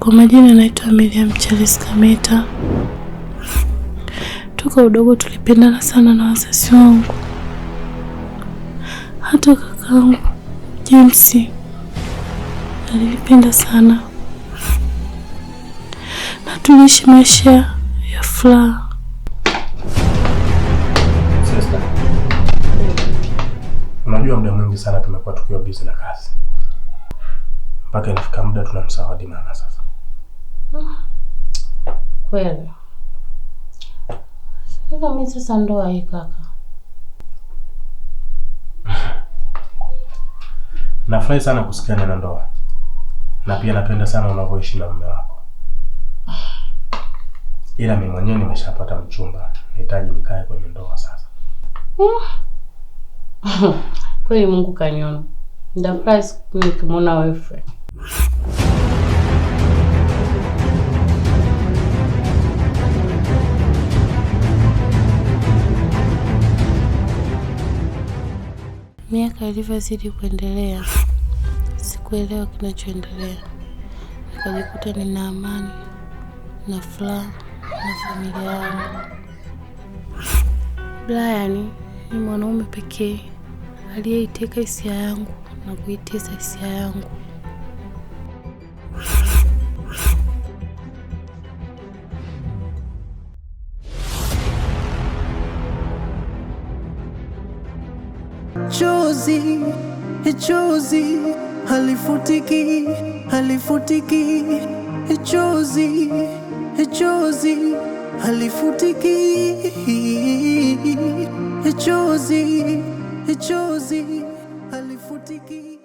Kwa majina naitwa Miriam Charles Kameta. Toka udogo tulipendana sana na wazazi wangu, hata kakaangu James alinipenda sana, na tuliishi maisha ya furaha. Unajua, muda mwingi sana tumekuwa tukiwa busy na kazi mpaka inafika muda tunamsawadi mama sasa Kweli. Sasa mimi sasa ndoa hii kaka. Nafurahi sana kusikia neno ndoa. Na pia napenda sana unavyoishi na mume wako. Ila mimi mwenyewe nimeshapata mchumba. Nahitaji nikae kwenye ndoa sasa. Kweli Mungu kaniona. Nitafurahi siku nikimwona wewe. Miaka ilivyozidi kuendelea, sikuelewa kinachoendelea. Nikajikuta nina amani na furaha na familia yangu. Brian yaani, ni mwanaume pekee aliyeiteka hisia yangu na kuitesa hisia yangu. chozi chozi halifutiki halifutiki chozi chozi halifutiki chozi chozi halifutiki